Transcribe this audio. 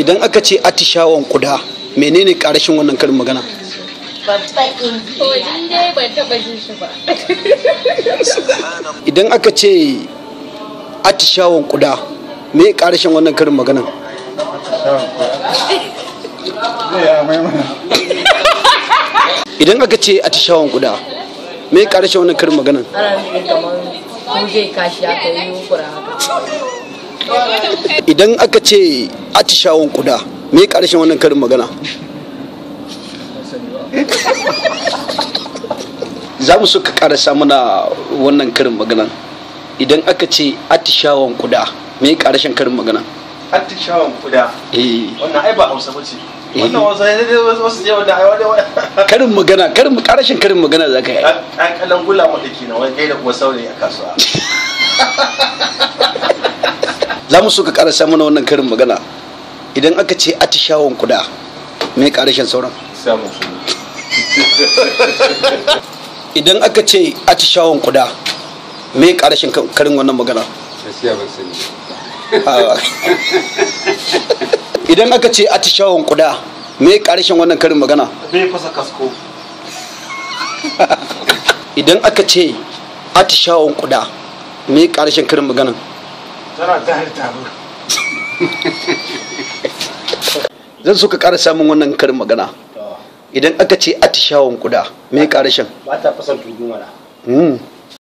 idan aka ce atishawan kuda menene karashin wannan karin magana idan aka ce atishawan kuda me karashin wannan karin magana idan aka ce atishawan kuda me karashin wannan karin magana kashi aka yi idan aka ce atishawan kuda me karshen wannan karin magana za mu suka karasa mana wannan karin magana idan aka ce atishawan kuda me karshen karin magana atishawan kuda eh. wannan ai ba hausa ba ce eh. karin magana karin karashin karin magana za ka yi kalan gula mu dake na wani gaida kuma saurayi a kasuwa za mu so ka karasa mana wannan karin magana idan aka ce atishawan kuda me karashin sauran idan aka ce atishawan kuda me karashin karin wannan magana idan aka ce atishawan kuda me karashin wannan karin magana fasa kasko idan aka ce atishawan kuda me karashin karin magana. zan so ka ƙara samun wannan karin magana idan aka ce atishawan kuda me ƙarashin ba ta fasar